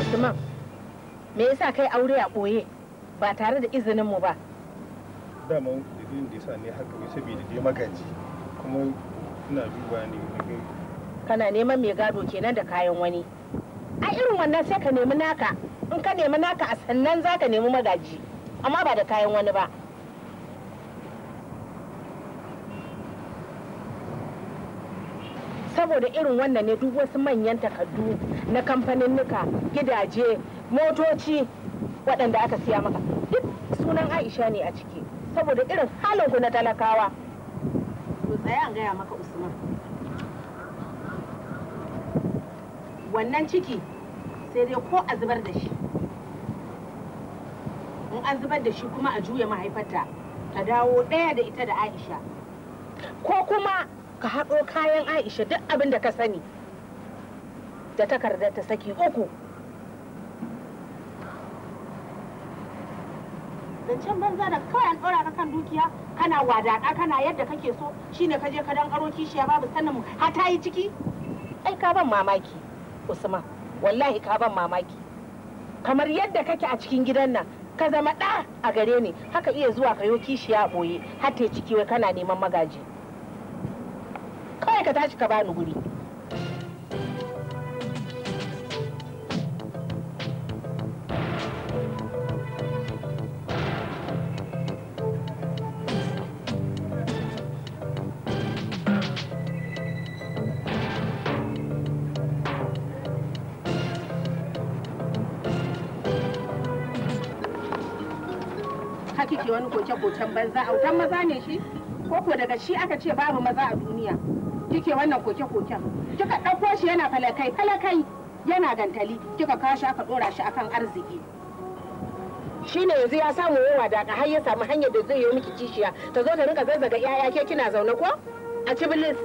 Usman, me yasa kai aure a ɓoye ba tare da izinin mu ba? Dama dalilin da yasa ne haka wai saboda dai magaji kuma ina duba ne Kana neman mai gado kenan da kayan wani. A irin wannan sai ka nemi naka, in ka nemi naka a sannan za ka nemi magaji, amma ba da kayan wani ba. saboda irin wannan ne duk wasu manyan takardu na kamfaninnuka gidaje motoci waɗanda aka siya maka duk sunan aisha ne a ciki saboda irin halinku na talakawa to tsaya gaya maka usman wannan ciki sai dai ko a zubar da shi in an zubar da shi kuma a juya mahaifarta ta dawo ɗaya da ita da aisha ko kuma ka haɗo kayan aisha duk abin da ka sani da takardar ta saki uku zancen banza da kawai an ɗora ka kan dukiya kana wadaɗa kana yadda kake so shine ka je ka dan aro kishiya babu sanin mu har ta yi ciki ai ka ban mamaki usman wallahi ka ban mamaki kamar yadda kake a cikin gidan nan ka zama ɗa a gare ni haka iya zuwa kayo kishiya a ɓoye har ta ciki wai kana neman magaji ka tashi ka bani guri wani koke-koken banza autan maza ne shi ko ko daga shi aka ce babu maza a duniya kike wannan koke-koken kika ɗauko shi yana falakai falakai yana gantali kika kashi ka aka ɗora shi akan arziki shine yanzu ya samu yawa da har ya samu hanyar da zai yi miki kishiya ta zo ta rinka zazzaga yaya ke kina zaune ko a cibilis